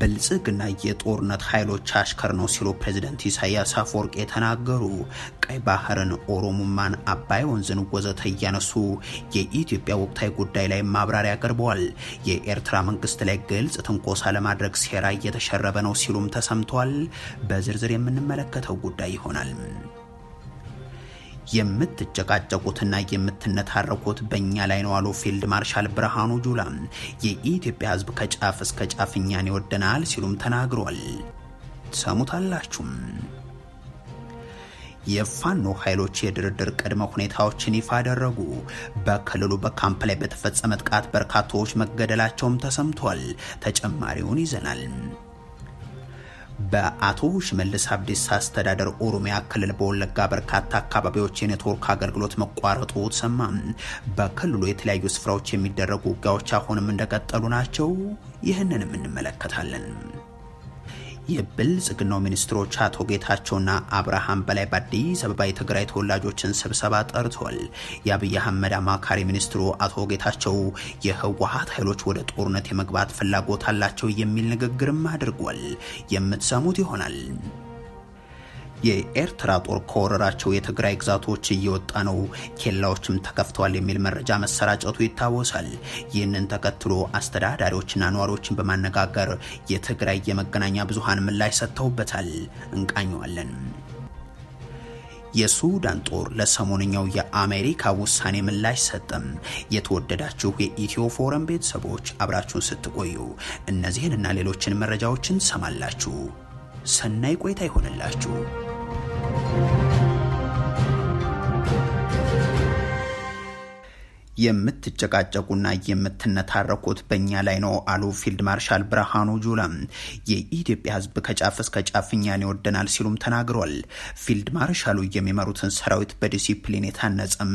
ብልጽግና የጦርነት ኃይሎች አሽከር ነው ሲሉ ፕሬዚደንት ኢሳያስ አፈወርቅ የተናገሩ፣ ቀይ ባህርን፣ ኦሮሙማን፣ አባይ ወንዝን ወዘተ እያነሱ የኢትዮጵያ ወቅታዊ ጉዳይ ላይ ማብራሪያ ቀርበዋል። የኤርትራ መንግስት ላይ ግልጽ ትንኮሳ ለማድረግ ሴራ እየተሸረበ ነው ሲሉም ተሰምተዋል። በዝርዝር የምንመለከተው ጉዳይ ይሆናል። የምትጨቃጨቁትና የምትነታረኩት በእኛ ላይ ነው አሉ ፊልድ ማርሻል ብርሃኑ ጁላ። የኢትዮጵያ ሕዝብ ከጫፍ እስከ ጫፍ እኛን ይወደናል ሲሉም ተናግሯል። ሰሙታላችሁም። የፋኖ ኃይሎች የድርድር ቅድመ ሁኔታዎችን ይፋ አደረጉ። በክልሉ በካምፕ ላይ በተፈጸመ ጥቃት በርካታዎች መገደላቸውም ተሰምቷል። ተጨማሪውን ይዘናል። በአቶ ሽመልስ አብዲሳ አስተዳደር ኦሮሚያ ክልል በወለጋ በርካታ አካባቢዎች የኔትወርክ አገልግሎት መቋረጡ ሰማ። በክልሉ የተለያዩ ስፍራዎች የሚደረጉ ውጊያዎች አሁንም እንደቀጠሉ ናቸው። ይህንንም እንመለከታለን። የብልጽግናው ሚኒስትሮች አቶ ጌታቸውና አብርሃም በላይ በአዲስ አበባ የትግራይ ተወላጆችን ስብሰባ ጠርተዋል። የአብይ አህመድ አማካሪ ሚኒስትሩ አቶ ጌታቸው የህወሀት ኃይሎች ወደ ጦርነት የመግባት ፍላጎት አላቸው የሚል ንግግርም አድርጓል። የምትሰሙት ይሆናል። የኤርትራ ጦር ከወረራቸው የትግራይ ግዛቶች እየወጣ ነው፣ ኬላዎችም ተከፍተዋል የሚል መረጃ መሰራጨቱ ይታወሳል። ይህንን ተከትሎ አስተዳዳሪዎችና ነዋሪዎችን በማነጋገር የትግራይ የመገናኛ ብዙሃን ምላሽ ሰጥተውበታል። እንቃኘዋለን። የሱዳን ጦር ለሰሞንኛው የአሜሪካ ውሳኔ ምላሽ ሰጠም። የተወደዳችሁ የኢትዮ ፎረም ቤተሰቦች አብራችሁን ስትቆዩ እነዚህን እና ሌሎችን መረጃዎችን ሰማላችሁ። ሰናይ ቆይታ ይሆንላችሁ። የምትጨቃጨቁና የምትነታረኩት በእኛ ላይ ነው አሉ ፊልድ ማርሻል ብርሃኑ ጁላ። የኢትዮጵያ ሕዝብ ከጫፍ እስከ ጫፍ እኛን ይወደናል ሲሉም ተናግሯል። ፊልድ ማርሻሉ የሚመሩትን ሰራዊት በዲሲፕሊን የታነጸም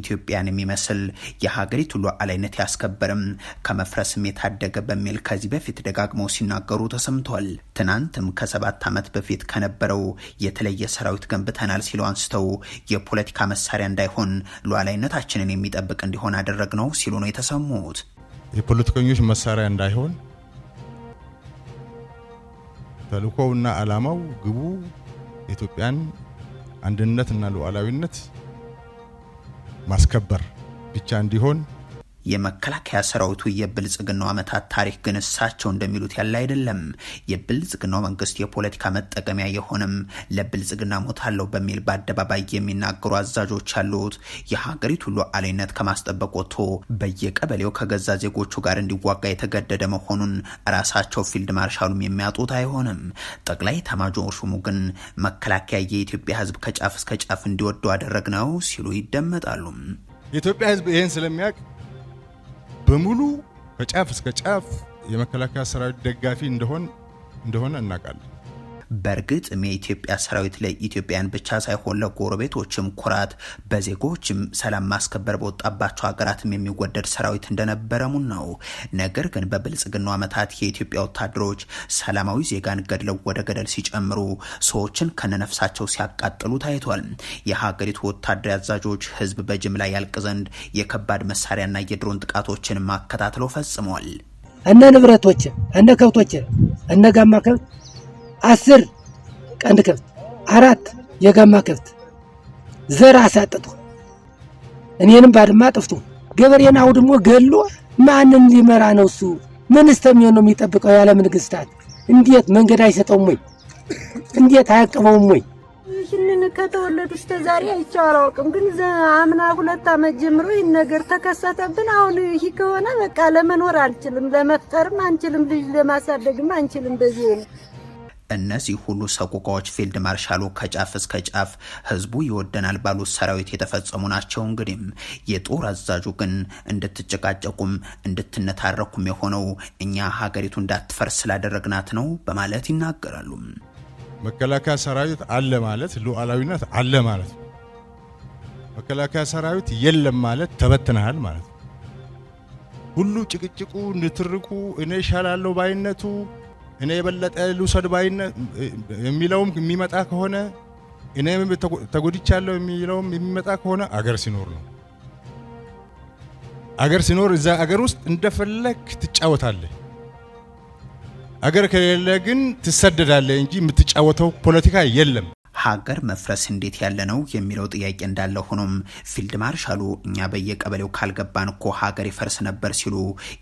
ኢትዮጵያን የሚመስል የሀገሪቱ ሉዓላዊነት ያስከበርም ከመፍረስም የታደገ በሚል ከዚህ በፊት ደጋግመው ሲናገሩ ተሰምቷል። ትናንትም ከሰባት ዓመት በፊት ከነበረው የተለየ ሰራዊት ገንብተናል ሲሉ አንስተው የፖለቲካ መሳሪያ እንዳይሆን ሉዓላዊነታችንን የሚጠብቅ እንዲሆን እንዲሆን ነው ሲሉ ነው የተሰሙት። የፖለቲከኞች መሳሪያ እንዳይሆን ተልእኮውና ዓላማው ግቡ የኢትዮጵያን አንድነትና ሉዓላዊነት ማስከበር ብቻ እንዲሆን የመከላከያ ሰራዊቱ የብልጽግናው ዓመታት ታሪክ ግን እሳቸው እንደሚሉት ያለ አይደለም። የብልጽግናው መንግስት የፖለቲካ መጠቀሚያ የሆንም ለብልጽግና ሞታለሁ በሚል በአደባባይ የሚናገሩ አዛዦች ያሉት የሀገሪቱ ሉዓላዊነት ከማስጠበቅ ወጥቶ በየቀበሌው ከገዛ ዜጎቹ ጋር እንዲዋጋ የተገደደ መሆኑን ራሳቸው ፊልድ ማርሻሉም የሚያጡት አይሆንም። ጠቅላይ ኤታማዦር ሹሙ ግን መከላከያ የኢትዮጵያ ሕዝብ ከጫፍ እስከ ጫፍ እንዲወደው አደረግ ነው ሲሉ ይደመጣሉ። የኢትዮጵያ ሕዝብ ይህን ስለሚያውቅ በሙሉ ከጫፍ እስከ ጫፍ የመከላከያ ሰራዊት ደጋፊ እንደሆን እንደሆነ እናውቃለን። በእርግጥም የኢትዮጵያ ሰራዊት ለኢትዮጵያን ብቻ ሳይሆን ለጎረቤቶችም ኩራት፣ በዜጎችም ሰላም ማስከበር በወጣባቸው ሀገራትም የሚወደድ ሰራዊት እንደነበረሙን ነው። ነገር ግን በብልጽግናው ዓመታት የኢትዮጵያ ወታደሮች ሰላማዊ ዜጋን ገድለው ወደ ገደል ሲጨምሩ፣ ሰዎችን ከነነፍሳቸው ሲያቃጥሉ ታይቷል። የሀገሪቱ ወታደር አዛዦች ህዝብ በጅምላ ያልቅ ዘንድ የከባድ መሳሪያና የድሮን ጥቃቶችን ማከታትለው ፈጽመዋል። እነ ንብረቶች እነ ከብቶች እነ ጋማ ከብት አስር ቀንድ ከብት፣ አራት የጋማ ከብት ዘር አሳጠጡ። እኔንም ባድማ ጥፍቶ ገበሬን አውድሞ ገሎ ማንን ሊመራ ነው እሱ? ምን እስተሚሆን ነው የሚጠብቀው ያለ መንግስታት? እንዴት መንገድ አይሰጠውም ወይ? እንዴት አያቅበውም ወይ? ይህንን ከተወለዱ እስከ ዛሬ አይቼው አላውቅም። ግን አምና ሁለት ዓመት ጀምሮ ይህን ነገር ተከሰተብን። አሁን ይህ ከሆነ በቃ ለመኖር አልችልም፣ ለመፍጠርም አንችልም፣ ልጅ ለማሳደግም አንችልም። በዚህ ነው እነዚህ ሁሉ ሰቆቃዎች ፊልድ ማርሻሉ ከጫፍ እስከ ጫፍ ህዝቡ ይወደናል ባሉት ሰራዊት የተፈጸሙ ናቸው። እንግዲህም የጦር አዛዡ ግን እንድትጨቃጨቁም እንድትነታረኩም የሆነው እኛ ሀገሪቱ እንዳትፈርስ ስላደረግናት ነው በማለት ይናገራሉ። መከላከያ ሰራዊት አለ ማለት ሉዓላዊነት አለ ማለት ነው። መከላከያ ሰራዊት የለም ማለት ተበትነሃል ማለት ነው። ሁሉ ጭቅጭቁ፣ ንትርቁ፣ እኔ እሻላለሁ ባይነቱ እኔ የበለጠ ልውሰድ ባይነት የሚለውም የሚመጣ ከሆነ እኔ ተጎድቻለሁ የሚለውም የሚመጣ ከሆነ አገር ሲኖር ነው። አገር ሲኖር እዛ አገር ውስጥ እንደፈለክ ትጫወታለህ። አገር ከሌለ ግን ትሰደዳለህ እንጂ የምትጫወተው ፖለቲካ የለም። ሀገር መፍረስ እንዴት ያለ ነው የሚለው ጥያቄ እንዳለ ሆኖም ፊልድ ማርሻሉ እኛ በየቀበሌው ካልገባን እኮ ሀገር ይፈርስ ነበር ሲሉ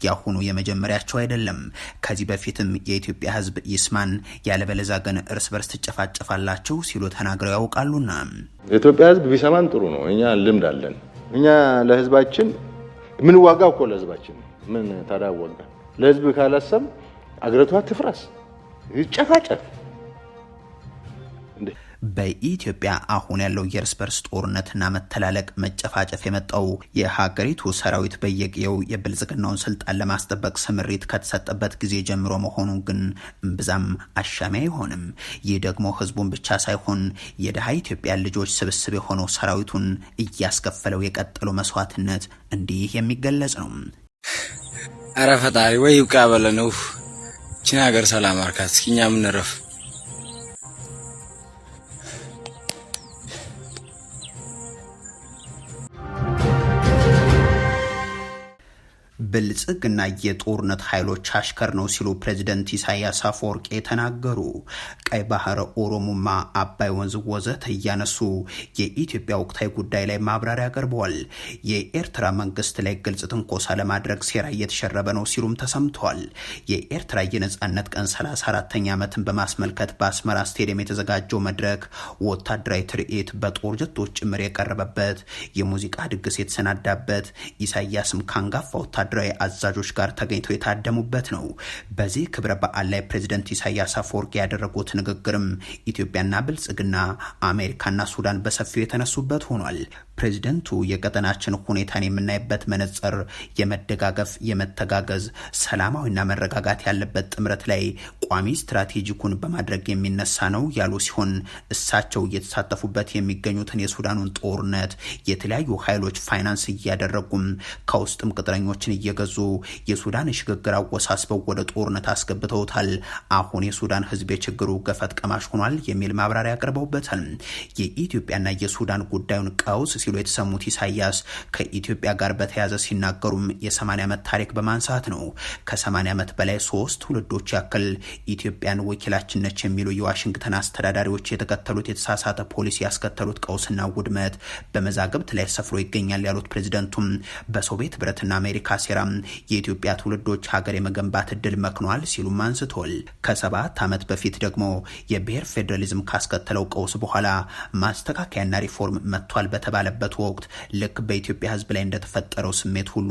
ያሁኑ የመጀመሪያቸው አይደለም። ከዚህ በፊትም የኢትዮጵያ ሕዝብ ይስማን ያለበለዛ ግን እርስ በርስ ትጨፋጨፋላችሁ ሲሉ ተናግረው ያውቃሉና የኢትዮጵያ ሕዝብ ቢሰማን ጥሩ ነው። እኛ ልምድ አለን። እኛ ለህዝባችን ምን ዋጋ እኮ ለህዝባችን ምን ታዳ ለህዝብ ካላሰብ አገሪቷ ትፍረስ ይጨፋጨፍ በኢትዮጵያ አሁን ያለው የእርስ በርስ ጦርነትና መተላለቅ፣ መጨፋጨፍ የመጣው የሀገሪቱ ሰራዊት በየቅየው የብልጽግናውን ስልጣን ለማስጠበቅ ስምሪት ከተሰጠበት ጊዜ ጀምሮ መሆኑ ግን እምብዛም አሻሚ አይሆንም። ይህ ደግሞ ህዝቡን ብቻ ሳይሆን የድሃ ኢትዮጵያ ልጆች ስብስብ የሆነው ሰራዊቱን እያስከፈለው የቀጠለው መስዋዕትነት እንዲህ የሚገለጽ ነው። አረ ፈጣሪ ወይ ይብቃ በለነው። ችን ሀገር ሰላም አርካት እስኪ እኛ ምንረፍ ብልጽግና የጦርነት ኃይሎች አሽከር ነው ሲሉ ፕሬዚደንት ኢሳያስ አፈወርቄ ተናገሩ። ቀይ ባህረ ኦሮሞማ፣ አባይ ወንዝ ወዘተ እያነሱ የኢትዮጵያ ወቅታዊ ጉዳይ ላይ ማብራሪያ አቅርበዋል። የኤርትራ መንግስት ላይ ግልጽ ትንኮሳ ለማድረግ ሴራ እየተሸረበ ነው ሲሉም ተሰምተዋል። የኤርትራ የነጻነት ቀን 34 ተኛ ዓመትን በማስመልከት በአስመራ ስቴዲየም የተዘጋጀው መድረክ ወታደራዊ ትርኢት በጦር ጀቶች ጭምር የቀረበበት የሙዚቃ ድግስ የተሰናዳበት ኢሳያስም ካንጋፋ ወታደራዊ ወታደራዊ አዛዦች ጋር ተገኝተው የታደሙበት ነው። በዚህ ክብረ በዓል ላይ ፕሬዚደንት ኢሳያስ አፈወርቂ ያደረጉት ንግግርም ኢትዮጵያና ብልጽግና፣ አሜሪካና ሱዳን በሰፊው የተነሱበት ሆኗል። ፕሬዚደንቱ የቀጠናችን ሁኔታን የምናይበት መነጽር የመደጋገፍ፣ የመተጋገዝ፣ ሰላማዊና መረጋጋት ያለበት ጥምረት ላይ ቋሚ ስትራቴጂኩን በማድረግ የሚነሳ ነው ያሉ ሲሆን እሳቸው እየተሳተፉበት የሚገኙትን የሱዳኑን ጦርነት የተለያዩ ኃይሎች ፋይናንስ እያደረጉም ከውስጥም ቅጥረኞችን እየገዙ የሱዳን ሽግግር አወሳስበው ወደ ጦርነት አስገብተውታል። አሁን የሱዳን ህዝብ የችግሩ ገፈት ቀማሽ ሆኗል የሚል ማብራሪያ አቅርበውበታል። የኢትዮጵያና የሱዳን ጉዳዩን ቀውስ ሲሉ የተሰሙት ኢሳያስ ከኢትዮጵያ ጋር በተያያዘ ሲናገሩም የ80 ዓመት ታሪክ በማንሳት ነው። ከ80 ዓመት በላይ ሶስት ትውልዶች ያክል ኢትዮጵያን ወኪላችን ነች የሚሉ የዋሽንግተን አስተዳዳሪዎች የተከተሉት የተሳሳተ ፖሊሲ ያስከተሉት ቀውስና ውድመት በመዛግብት ላይ ሰፍሮ ይገኛል ያሉት ፕሬዚደንቱም በሶቪየት ህብረትና አሜሪካ ሴራ የኢትዮጵያ ትውልዶች ሀገር የመገንባት እድል መክኗል ሲሉም አንስቷል። ከሰባት ዓመት በፊት ደግሞ የብሔር ፌዴራሊዝም ካስከተለው ቀውስ በኋላ ማስተካከያና ሪፎርም መጥቷል በተባለ በነበረበት ወቅት ልክ በኢትዮጵያ ህዝብ ላይ እንደተፈጠረው ስሜት ሁሉ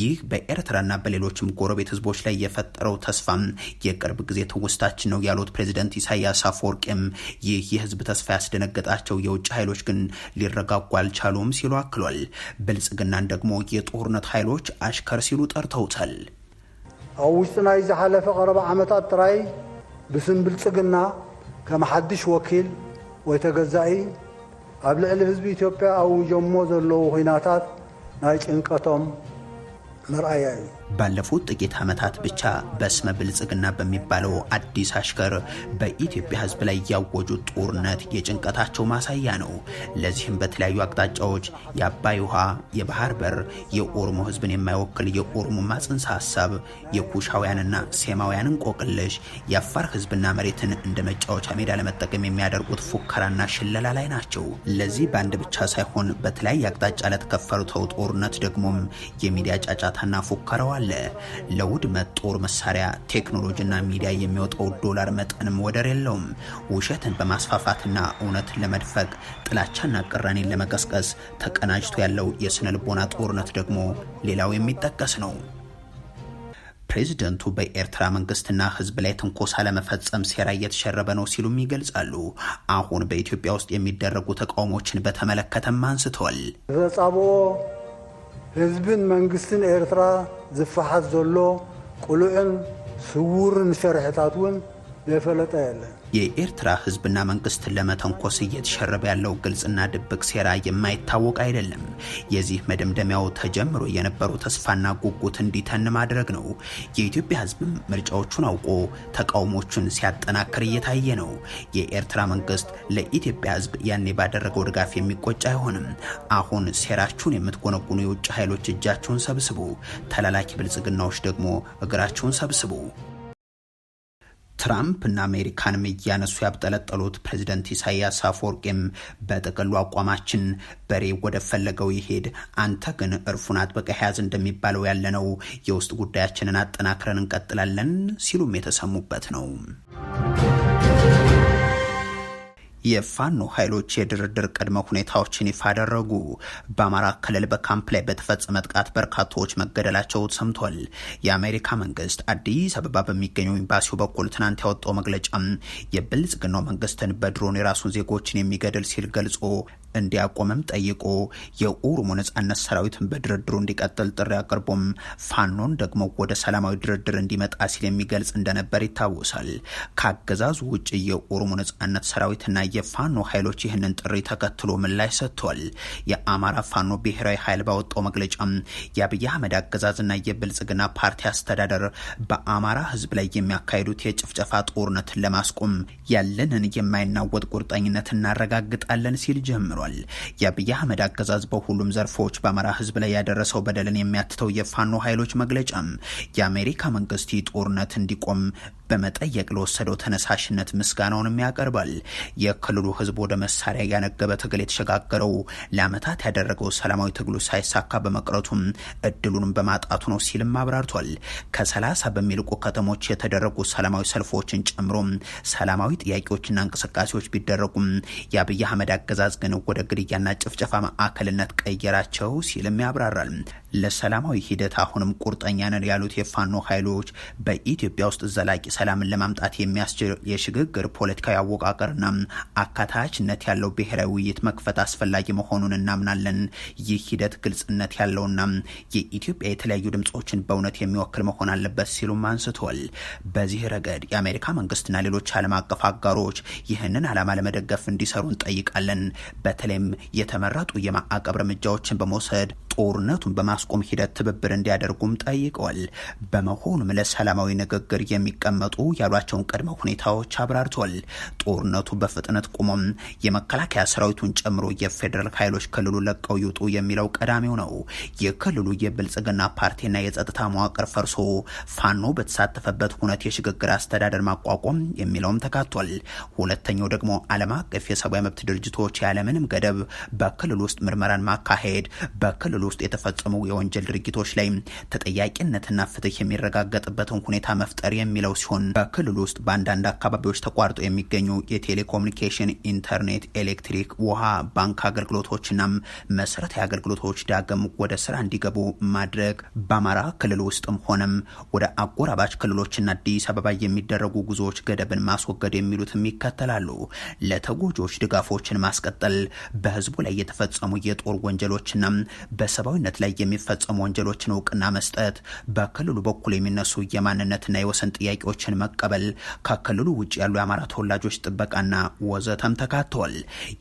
ይህ በኤርትራና በሌሎችም ጎረቤት ህዝቦች ላይ የፈጠረው ተስፋም የቅርብ ጊዜ ትውስታችን ነው ያሉት ፕሬዚደንት ኢሳያስ አፈወርቂም ይህ የህዝብ ተስፋ ያስደነገጣቸው የውጭ ኃይሎች ግን ሊረጋጉ አልቻሉም ሲሉ አክሏል። ብልጽግናን ደግሞ የጦርነት ኃይሎች አሽከር ሲሉ ጠርተውታል። ኣብ ውሽጢ ናይ ዝሓለፈ ቀረባ ዓመታት ጥራይ ብስም ብልጽግና ከም ሓድሽ ወኪል ወይ ተገዛኢ قبل ألف حزب إثيوبيا أو جموز اللو هناتات نايت إنكتم مرأي ባለፉት ጥቂት ዓመታት ብቻ በስመ ብልጽግና በሚባለው አዲስ አሽከር በኢትዮጵያ ሕዝብ ላይ ያወጁት ጦርነት የጭንቀታቸው ማሳያ ነው። ለዚህም በተለያዩ አቅጣጫዎች የአባይ ውሃ፣ የባህር በር፣ የኦሮሞ ሕዝብን የማይወክል የኦሮሞ ጽንሰ ሀሳብ፣ የኩሻውያንና ሴማውያንን ቆቅልሽ፣ የአፋር ሕዝብና መሬትን እንደ መጫወቻ ሜዳ ለመጠቀም የሚያደርጉት ፉከራና ሽለላ ላይ ናቸው። ለዚህ በአንድ ብቻ ሳይሆን በተለያየ አቅጣጫ ለተከፈሉት ጦርነት ደግሞም የሚዲያ ጫጫታና ፉከራው አለ። ለውድመት ጦር መሳሪያ፣ ቴክኖሎጂና ሚዲያ የሚወጣው ዶላር መጠንም ወደር የለውም። ውሸትን በማስፋፋትና እውነትን ለመድፈቅ ጥላቻና ቅራኔን ለመቀስቀስ ተቀናጅቶ ያለው የስነ ልቦና ጦርነት ደግሞ ሌላው የሚጠቀስ ነው። ፕሬዚደንቱ በኤርትራ መንግስትና ህዝብ ላይ ትንኮሳ ለመፈጸም ሴራ እየተሸረበ ነው ሲሉም ይገልጻሉ። አሁን በኢትዮጵያ ውስጥ የሚደረጉ ተቃውሞችን በተመለከተም አንስተዋል። هزبن منغستن إيرترا زفحات زولو قلوعن سوورن فرحتاتون የፈለጠ ያለ የኤርትራ ህዝብና መንግስትን ለመተንኮስ እየተሸረበ ያለው ግልጽና ድብቅ ሴራ የማይታወቅ አይደለም። የዚህ መደምደሚያው ተጀምሮ የነበሩ ተስፋና ጉጉት እንዲተን ማድረግ ነው። የኢትዮጵያ ህዝብም ምርጫዎቹን አውቆ ተቃውሞቹን ሲያጠናክር እየታየ ነው። የኤርትራ መንግስት ለኢትዮጵያ ህዝብ ያኔ ባደረገው ድጋፍ የሚቆጭ አይሆንም። አሁን ሴራችሁን የምትጎነጉኑ የውጭ ኃይሎች እጃችሁን ሰብስቡ፣ ተላላኪ ብልጽግናዎች ደግሞ እግራችሁን ሰብስቡ። ትራምፕና አሜሪካንም እያነሱ ያብጠለጠሉት ፕሬዚደንት ኢሳያስ አፈወርቂም በጥቅሉ አቋማችን በሬ ወደ ፈለገው ይሄድ፣ አንተ ግን እርፉን አጥብቀህ ያዝ እንደሚባለው ያለ ነው። የውስጥ ጉዳያችንን አጠናክረን እንቀጥላለን ሲሉም የተሰሙበት ነው። የፋኖ ኃይሎች የድርድር ቅድመ ሁኔታዎችን ይፋ አደረጉ። በአማራ ክልል በካምፕ ላይ በተፈጸመ ጥቃት በርካታዎች መገደላቸው ሰምቷል። የአሜሪካ መንግስት አዲስ አበባ በሚገኘው ኤምባሲው በኩል ትናንት ያወጣው መግለጫ የብልጽግናው መንግስትን በድሮን የራሱን ዜጎችን የሚገድል ሲል ገልጾ እንዲያቆምም ጠይቆ የኦሮሞ ነጻነት ሰራዊትን በድርድሩ እንዲቀጥል ጥሪ አቅርቦም ፋኖን ደግሞ ወደ ሰላማዊ ድርድር እንዲመጣ ሲል የሚገልጽ እንደነበር ይታወሳል። ከአገዛዙ ውጭ የኦሮሞ ነጻነት ሰራዊትና የፋኖ ኃይሎች ይህንን ጥሪ ተከትሎ ምላሽ ሰጥቷል። የአማራ ፋኖ ብሔራዊ ኃይል ባወጣው መግለጫ የአብይ አህመድ አገዛዝና የብልጽግና ፓርቲ አስተዳደር በአማራ ህዝብ ላይ የሚያካሂዱት የጭፍጨፋ ጦርነትን ለማስቆም ያለንን የማይናወጥ ቁርጠኝነት እናረጋግጣለን ሲል ጀምሯል። ብለዋል። የአብይ አህመድ አገዛዝ በሁሉም ዘርፎች በአማራ ህዝብ ላይ ያደረሰው በደልን የሚያትተው የፋኖ ኃይሎች መግለጫም የአሜሪካ መንግስት ጦርነት እንዲቆም በመጠየቅ ለወሰደው ተነሳሽነት ምስጋናውንም ያቀርባል። የክልሉ ህዝብ ወደ መሳሪያ ያነገበ ትግል የተሸጋገረው ለአመታት ያደረገው ሰላማዊ ትግሉ ሳይሳካ በመቅረቱም እድሉንም በማጣቱ ነው ሲልም አብራርቷል። ከሰላሳ በሚልቁ ከተሞች የተደረጉ ሰላማዊ ሰልፎችን ጨምሮ ሰላማዊ ጥያቄዎችና እንቅስቃሴዎች ቢደረጉም የአብይ አህመድ አገዛዝ ግን ወደ ግድያና ጭፍጨፋ ማዕከልነት ቀየራቸው ሲልም ያብራራል። ለሰላማዊ ሂደት አሁንም ቁርጠኛ ነን ያሉት የፋኖ ኃይሎች በኢትዮጵያ ውስጥ ዘላቂ ሰላምን ለማምጣት የሚያስችል የሽግግር ፖለቲካዊ አወቃቀርና አካታችነት ያለው ብሔራዊ ውይይት መክፈት አስፈላጊ መሆኑን እናምናለን። ይህ ሂደት ግልጽነት ያለውና የኢትዮጵያ የተለያዩ ድምፆችን በእውነት የሚወክል መሆን አለበት ሲሉም አንስቷል። በዚህ ረገድ የአሜሪካ መንግስትና ሌሎች ዓለም አቀፍ አጋሮች ይህንን ዓላማ ለመደገፍ እንዲሰሩ እንጠይቃለን። በተለይም የተመረጡ የማዕቀብ እርምጃዎችን በመውሰድ ጦርነቱን በማስቆም ሂደት ትብብር እንዲያደርጉም ጠይቀዋል። በመሆኑም ለሰላማዊ ንግግር የሚቀመጡ ያሏቸውን ቅድመ ሁኔታዎች አብራርቷል። ጦርነቱ በፍጥነት ቁሞም የመከላከያ ሰራዊቱን ጨምሮ የፌዴራል ኃይሎች ክልሉ ለቀው ይውጡ የሚለው ቀዳሚው ነው። የክልሉ የብልጽግና ፓርቲና የጸጥታ መዋቅር ፈርሶ ፋኖ በተሳተፈበት ሁነት የሽግግር አስተዳደር ማቋቋም የሚለውም ተካቷል። ሁለተኛው ደግሞ ዓለም አቀፍ የሰብአዊ መብት ድርጅቶች ያለምንም ገደብ በክልል ውስጥ ምርመራን ማካሄድ፣ በክልሉ ክልል ውስጥ የተፈጸሙ የወንጀል ድርጊቶች ላይ ተጠያቂነትና ፍትህ የሚረጋገጥበትን ሁኔታ መፍጠር የሚለው ሲሆን በክልል ውስጥ በአንዳንድ አካባቢዎች ተቋርጦ የሚገኙ የቴሌኮሙኒኬሽን፣ ኢንተርኔት፣ ኤሌክትሪክ፣ ውሃ፣ ባንክ አገልግሎቶችና መሰረታዊ አገልግሎቶች ዳግም ወደ ስራ እንዲገቡ ማድረግ በአማራ ክልል ውስጥም ሆነም ወደ አጎራባች ክልሎችና አዲስ አበባ የሚደረጉ ጉዞዎች ገደብን ማስወገድ የሚሉትም ይከተላሉ። ለተጎጂዎች ድጋፎችን ማስቀጠል፣ በህዝቡ ላይ የተፈጸሙ የጦር ወንጀሎችና በ በሰብአዊነት ላይ የሚፈጸሙ ወንጀሎችን እውቅና መስጠት፣ በክልሉ በኩል የሚነሱ የማንነትና የወሰን ጥያቄዎችን መቀበል፣ ከክልሉ ውጭ ያሉ የአማራ ተወላጆች ጥበቃና ወዘተም ተካተዋል።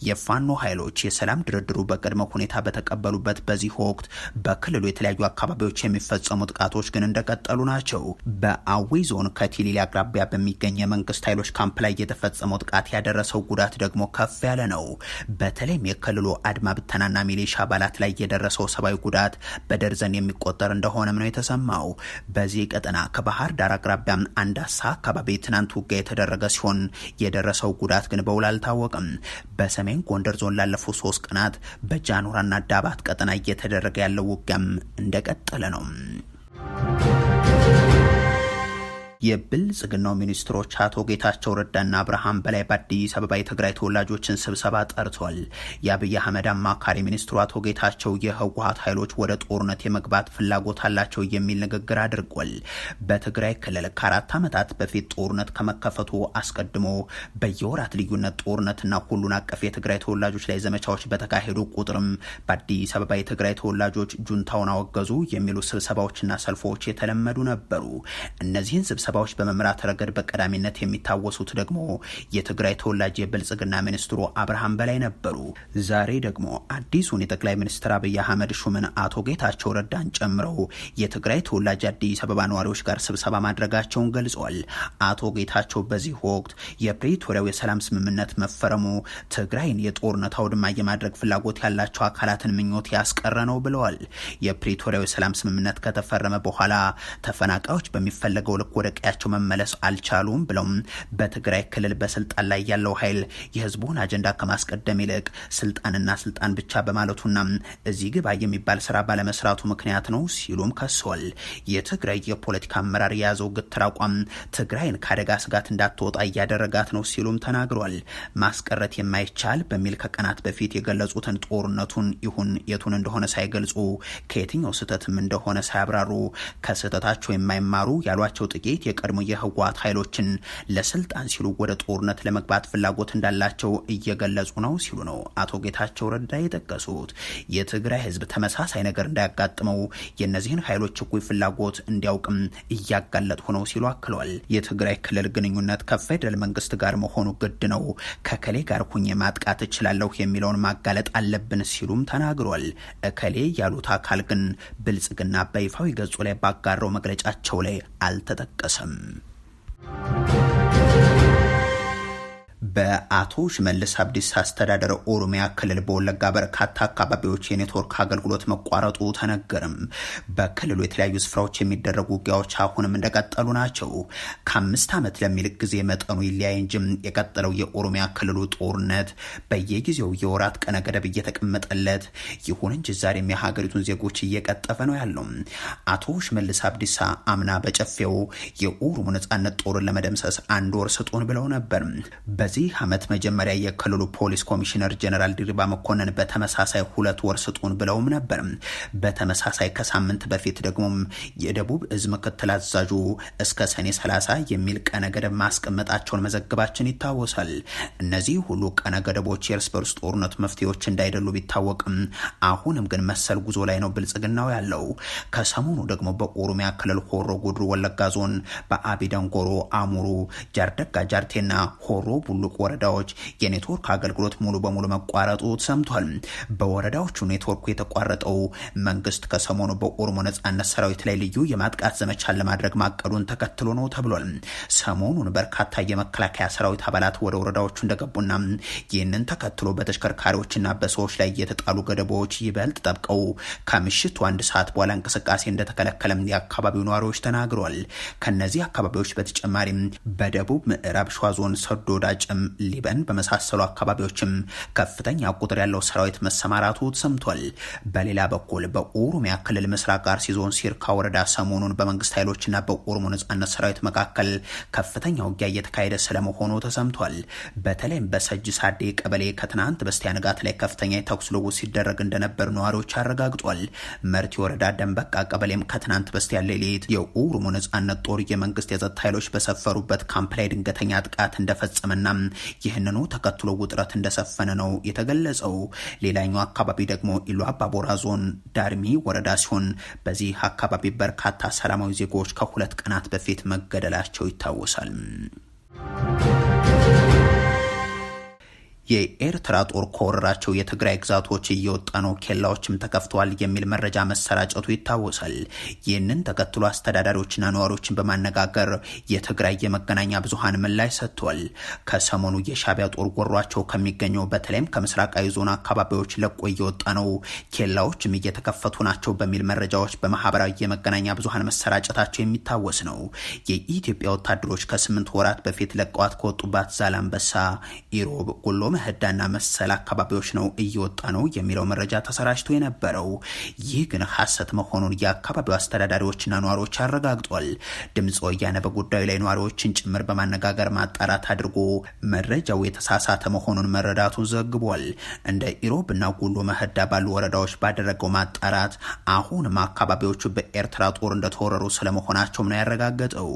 የፋኖ ኃይሎች የሰላም ድርድሩ በቅድመ ሁኔታ በተቀበሉበት በዚህ ወቅት በክልሉ የተለያዩ አካባቢዎች የሚፈጸሙ ጥቃቶች ግን እንደቀጠሉ ናቸው። በአዊ ዞን ከቲሊሊ አቅራቢያ በሚገኝ የመንግስት ኃይሎች ካምፕ ላይ የተፈጸመው ጥቃት ያደረሰው ጉዳት ደግሞ ከፍ ያለ ነው። በተለይም የክልሉ አድማ ብተናና ሚሊሻ አባላት ላይ የደረሰው አካባቢው ጉዳት በደርዘን የሚቆጠር እንደሆነም ነው የተሰማው። በዚህ ቀጠና ከባህር ዳር አቅራቢያ አንዳሳ አካባቢ ትናንት ውጊያ የተደረገ ሲሆን የደረሰው ጉዳት ግን በውል አልታወቅም። በሰሜን ጎንደር ዞን ላለፉት ሶስት ቀናት በጃኑራና ዳባት ቀጠና እየተደረገ ያለው ውጊያም እንደቀጠለ ነው። የብልጽግናው ሚኒስትሮች አቶ ጌታቸው ረዳና አብርሃም በላይ በአዲስ አበባ የትግራይ ተወላጆችን ስብሰባ ጠርቷል። የአብይ አህመድ አማካሪ ሚኒስትሩ አቶ ጌታቸው የህወሀት ኃይሎች ወደ ጦርነት የመግባት ፍላጎት አላቸው የሚል ንግግር አድርጓል። በትግራይ ክልል ከአራት ዓመታት በፊት ጦርነት ከመከፈቱ አስቀድሞ በየወራት ልዩነት ጦርነትና ሁሉን አቀፍ የትግራይ ተወላጆች ላይ ዘመቻዎች በተካሄዱ ቁጥርም በአዲስ አበባ የትግራይ ተወላጆች ጁንታውን አወገዙ የሚሉ ስብሰባዎችና ሰልፎች የተለመዱ ነበሩ። እነዚህን ስብሰ ስብሰባዎች በመምራት ረገድ በቀዳሚነት የሚታወሱት ደግሞ የትግራይ ተወላጅ የብልጽግና ሚኒስትሩ አብርሃም በላይ ነበሩ። ዛሬ ደግሞ አዲሱን የጠቅላይ ሚኒስትር አብይ አህመድ ሹምን አቶ ጌታቸው ረዳን ጨምረው የትግራይ ተወላጅ አዲስ አበባ ነዋሪዎች ጋር ስብሰባ ማድረጋቸውን ገልጿል። አቶ ጌታቸው በዚህ ወቅት የፕሪቶሪያው የሰላም ስምምነት መፈረሙ ትግራይን የጦርነት አውድማ የማድረግ ፍላጎት ያላቸው አካላትን ምኞት ያስቀረ ነው ብለዋል። የፕሪቶሪያው የሰላም ስምምነት ከተፈረመ በኋላ ተፈናቃዮች በሚፈለገው ልክ ወደ ቀያቸው መመለስ አልቻሉም ብለው በትግራይ ክልል በስልጣን ላይ ያለው ኃይል የህዝቡን አጀንዳ ከማስቀደም ይልቅ ስልጣንና ስልጣን ብቻ በማለቱና እዚህ ግባ የሚባል ስራ ባለመስራቱ ምክንያት ነው ሲሉም ከሰዋል። የትግራይ የፖለቲካ አመራር የያዘው ግትር አቋም ትግራይን ከአደጋ ስጋት እንዳትወጣ እያደረጋት ነው ሲሉም ተናግሯል። ማስቀረት የማይቻል በሚል ከቀናት በፊት የገለጹትን ጦርነቱን ይሁን የቱን እንደሆነ ሳይገልጹ ከየትኛው ስህተትም እንደሆነ ሳያብራሩ ከስህተታቸው የማይማሩ ያሏቸው ጥቂት የቀድሞ የህወሓት ኃይሎችን ለስልጣን ሲሉ ወደ ጦርነት ለመግባት ፍላጎት እንዳላቸው እየገለጹ ነው ሲሉ ነው አቶ ጌታቸው ረዳ የጠቀሱት። የትግራይ ህዝብ ተመሳሳይ ነገር እንዳያጋጥመው የእነዚህን ኃይሎች እኩይ ፍላጎት እንዲያውቅም እያጋለጥሁ ነው ሲሉ አክለዋል። የትግራይ ክልል ግንኙነት ከፌደራል መንግስት ጋር መሆኑ ግድ ነው። ከከሌ ጋር ሁኜ ማጥቃት እችላለሁ የሚለውን ማጋለጥ አለብን ሲሉም ተናግሯል። እከሌ ያሉት አካል ግን ብልጽግና በይፋዊ ገጹ ላይ ባጋረው መግለጫቸው ላይ አልተጠቀሱ Awesome. በአቶ ሽመልስ አብዲስ አስተዳደር ኦሮሚያ ክልል በወለጋ በርካታ አካባቢዎች የኔትወርክ አገልግሎት መቋረጡ ተነገርም። በክልሉ የተለያዩ ስፍራዎች የሚደረጉ ውጊያዎች አሁንም እንደቀጠሉ ናቸው። ከአምስት ዓመት ለሚል ጊዜ መጠኑ ይለያይ እንጂም የቀጠለው የኦሮሚያ ክልሉ ጦርነት በየጊዜው የወራት ቀነ ገደብ እየተቀመጠለት፣ ይሁን እንጂ ዛሬም የሀገሪቱን ዜጎች እየቀጠፈ ነው ያለው። አቶ ሽመልስ አብዲሳ አምና በጨፌው የኦሮሞ ነጻነት ጦርን ለመደምሰስ አንድ ወር ስጡን ብለው ነበር። በዚህ ዓመት መጀመሪያ የክልሉ ፖሊስ ኮሚሽነር ጀነራል ድሪባ መኮንን በተመሳሳይ ሁለት ወር ስጡን ብለውም ነበር። በተመሳሳይ ከሳምንት በፊት ደግሞ የደቡብ እዝ ምክትል አዛዡ እስከ ሰኔ 30 የሚል ቀነ ገደብ ማስቀመጣቸውን መዘግባችን ይታወሳል። እነዚህ ሁሉ ቀነ ገደቦች የእርስ በርስ ጦርነት መፍትሄዎች እንዳይደሉ ቢታወቅም አሁንም ግን መሰል ጉዞ ላይ ነው ብልጽግናው ያለው። ከሰሞኑ ደግሞ በኦሮሚያ ክልል ሆሮ ጉድሩ ወለጋ ዞን በአቢደንጎሮ አሙሩ፣ ጃርደጋ ጃርቴና ሆሮ ቡሉ ትልልቅ ወረዳዎች የኔትወርክ አገልግሎት ሙሉ በሙሉ መቋረጡ ተሰምቷል። በወረዳዎቹ ኔትወርኩ የተቋረጠው መንግስት ከሰሞኑ በኦሮሞ ነጻነት ሰራዊት ላይ ልዩ የማጥቃት ዘመቻን ለማድረግ ማቀዱን ተከትሎ ነው ተብሏል። ሰሞኑን በርካታ የመከላከያ ሰራዊት አባላት ወደ ወረዳዎቹ እንደገቡና ይህንን ተከትሎ በተሽከርካሪዎችና በሰዎች ላይ የተጣሉ ገደቦች ይበልጥ ጠብቀው ከምሽቱ አንድ ሰዓት በኋላ እንቅስቃሴ እንደተከለከለም የአካባቢው ነዋሪዎች ተናግረዋል። ከነዚህ አካባቢዎች በተጨማሪም በደቡብ ምዕራብ ሸዋ ዞን ሰዶ ግብፅም ሊበን በመሳሰሉ አካባቢዎችም ከፍተኛ ቁጥር ያለው ሰራዊት መሰማራቱ ተሰምቷል። በሌላ በኩል በኦሮሚያ ክልል ምስራቅ አርሲ ዞን ሲርካ ወረዳ ሰሞኑን በመንግስት ኃይሎችና በኦሮሞ ነጻነት ሰራዊት መካከል ከፍተኛ ውጊያ እየተካሄደ ስለመሆኑ ተሰምቷል። በተለይም በሰጅ ሳዴ ቀበሌ ከትናንት በስቲያ ንጋት ላይ ከፍተኛ የተኩስ ልውውጥ ሲደረግ እንደነበር ነዋሪዎች አረጋግጧል። መርቲ ወረዳ ደንበቃ ቀበሌም ከትናንት በስቲያ ሌሊት የኦሮሞ ነጻነት ጦር የመንግስት የጸጥታ ኃይሎች በሰፈሩበት ካምፕ ላይ ድንገተኛ ጥቃት እንደፈጸመና ይህንኑ ተከትሎ ውጥረት እንደሰፈነ ነው የተገለጸው። ሌላኛው አካባቢ ደግሞ ኢሉ አባቦራ ዞን ዳርሚ ወረዳ ሲሆን በዚህ አካባቢ በርካታ ሰላማዊ ዜጎች ከሁለት ቀናት በፊት መገደላቸው ይታወሳል። የኤርትራ ጦር ከወረራቸው የትግራይ ግዛቶች እየወጣ ነው፣ ኬላዎችም ተከፍተዋል የሚል መረጃ መሰራጨቱ ይታወሳል። ይህንን ተከትሎ አስተዳዳሪዎችና ነዋሪዎችን በማነጋገር የትግራይ የመገናኛ ብዙሃን ምላሽ ሰጥቷል። ከሰሞኑ የሻቢያ ጦር ወሯቸው ከሚገኘው በተለይም ከምስራቃዊ ዞን አካባቢዎች ለቆ እየወጣ ነው፣ ኬላዎችም እየተከፈቱ ናቸው በሚል መረጃዎች በማህበራዊ የመገናኛ ብዙኃን መሰራጨታቸው የሚታወስ ነው። የኢትዮጵያ ወታደሮች ከስምንት ወራት በፊት ለቀዋት ከወጡባት ዛላንበሳ ኢሮብ፣ ወሎ ህዳና መሰል አካባቢዎች ነው እየወጣ ነው የሚለው መረጃ ተሰራጭቶ የነበረው። ይህ ግን ሐሰት መሆኑን የአካባቢው አስተዳዳሪዎችና ነዋሪዎች አረጋግጧል። ድምፅ ወያነ በጉዳዩ ላይ ነዋሪዎችን ጭምር በማነጋገር ማጣራት አድርጎ መረጃው የተሳሳተ መሆኑን መረዳቱን ዘግቧል። እንደ ኢሮብና ጉሎ መህዳ ባሉ ወረዳዎች ባደረገው ማጣራት አሁንም አካባቢዎቹ በኤርትራ ጦር እንደተወረሩ ስለመሆናቸውም ነው ያረጋገጠው።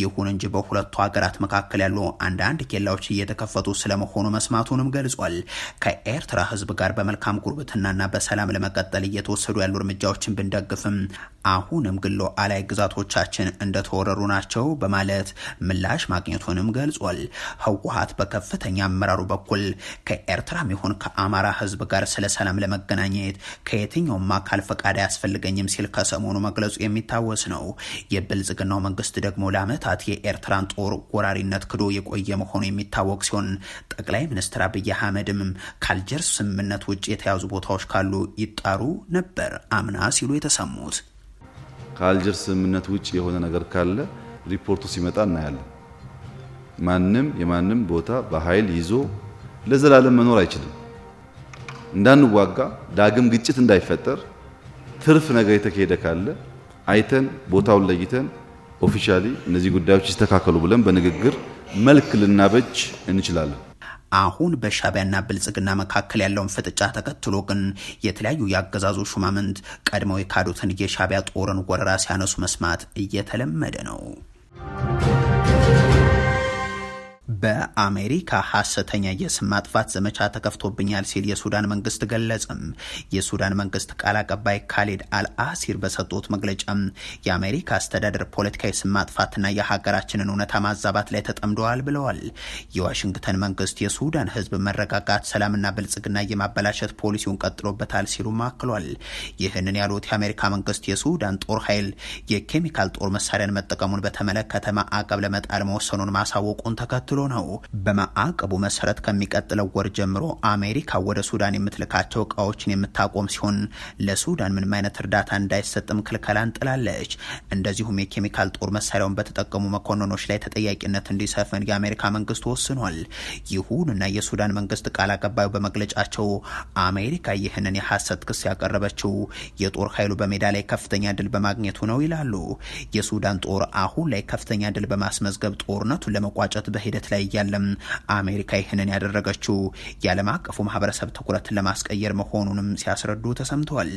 ይሁን እንጂ በሁለቱ ሀገራት መካከል ያሉ አንዳንድ ኬላዎች እየተከፈቱ ስለመሆኑ መስማቱን መሆኑንም ገልጿል። ከኤርትራ ህዝብ ጋር በመልካም ጉርብትናና በሰላም ለመቀጠል እየተወሰዱ ያሉ እርምጃዎችን ብንደግፍም አሁንም ግሎ አላይ ግዛቶቻችን እንደተወረሩ ናቸው በማለት ምላሽ ማግኘቱንም ገልጿል። ህወሀት በከፍተኛ አመራሩ በኩል ከኤርትራም ይሁን ከአማራ ህዝብ ጋር ስለ ሰላም ለመገናኘት ከየትኛውም አካል ፈቃድ አያስፈልገኝም ሲል ከሰሞኑ መግለጹ የሚታወስ ነው። የብልጽግናው መንግስት ደግሞ ለአመታት የኤርትራን ጦር ወራሪነት ክዶ የቆየ መሆኑ የሚታወቅ ሲሆን ጠቅላይ ሚኒስትር አብይ አህመድም ካልጀርስ ስምምነት ውጭ የተያዙ ቦታዎች ካሉ ይጣሩ ነበር አምና ሲሉ የተሰሙት። ከአልጀርስ ስምምነት ውጭ የሆነ ነገር ካለ ሪፖርቱ ሲመጣ እናያለን። ማንም የማንም ቦታ በኃይል ይዞ ለዘላለም መኖር አይችልም። እንዳንዋጋ፣ ዳግም ግጭት እንዳይፈጠር ትርፍ ነገር የተካሄደ ካለ አይተን ቦታውን ለይተን ኦፊሻሊ እነዚህ ጉዳዮች ይስተካከሉ ብለን በንግግር መልክ ልናበጅ እንችላለን። አሁን በሻቢያና ብልጽግና መካከል ያለውን ፍጥጫ ተከትሎ ግን የተለያዩ የአገዛዙ ሹማምንት ቀድመው የካዱትን የሻቢያ ጦርን ወረራ ሲያነሱ መስማት እየተለመደ ነው። በአሜሪካ ሐሰተኛ የስም ማጥፋት ዘመቻ ተከፍቶብኛል ሲል የሱዳን መንግስት ገለጽም። የሱዳን መንግስት ቃል አቀባይ ካሌድ አልአሲር በሰጡት መግለጫም የአሜሪካ አስተዳደር ፖለቲካዊ ስም ማጥፋትና የሀገራችንን እውነታ ማዛባት ላይ ተጠምደዋል ብለዋል። የዋሽንግተን መንግስት የሱዳን ህዝብ መረጋጋት፣ ሰላምና ብልጽግና የማበላሸት ፖሊሲውን ቀጥሎበታል ሲሉም አክሏል። ይህንን ያሉት የአሜሪካ መንግስት የሱዳን ጦር ኃይል የኬሚካል ጦር መሳሪያን መጠቀሙን በተመለከተ ማዕቀብ ለመጣል መወሰኑን ማሳወቁን ተከትሏል። ተከትሎ ነው። በማዕቀቡ መሰረት ከሚቀጥለው ወር ጀምሮ አሜሪካ ወደ ሱዳን የምትልካቸው እቃዎችን የምታቆም ሲሆን ለሱዳን ምንም አይነት እርዳታ እንዳይሰጥም ክልከላ እንጥላለች። እንደዚሁም የኬሚካል ጦር መሳሪያውን በተጠቀሙ መኮንኖች ላይ ተጠያቂነት እንዲሰፍን የአሜሪካ መንግስት ወስኗል። ይሁንና የሱዳን መንግስት ቃል አቀባዩ በመግለጫቸው አሜሪካ ይህንን የሐሰት ክስ ያቀረበችው የጦር ኃይሉ በሜዳ ላይ ከፍተኛ ድል በማግኘቱ ነው ይላሉ። የሱዳን ጦር አሁን ላይ ከፍተኛ ድል በማስመዝገብ ጦርነቱን ለመቋጨት በሂደት ሂደት ላይ እያለም አሜሪካ ይህንን ያደረገችው የዓለም አቀፉ ማህበረሰብ ትኩረትን ለማስቀየር መሆኑንም ሲያስረዱ ተሰምተዋል።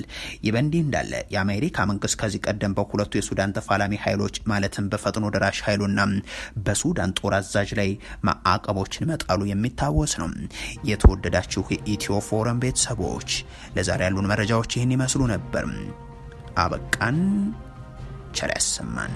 ይህ በእንዲህ እንዳለ የአሜሪካ መንግስት ከዚህ ቀደም በሁለቱ የሱዳን ተፋላሚ ኃይሎች ማለትም በፈጥኖ ደራሽ ኃይሉና በሱዳን ጦር አዛዥ ላይ ማዕቀቦችን መጣሉ የሚታወስ ነው። የተወደዳችሁ የኢትዮ ፎረም ቤተሰቦች ለዛሬ ያሉን መረጃዎች ይህን ይመስሉ ነበር። አበቃን። ቸር ያሰማን።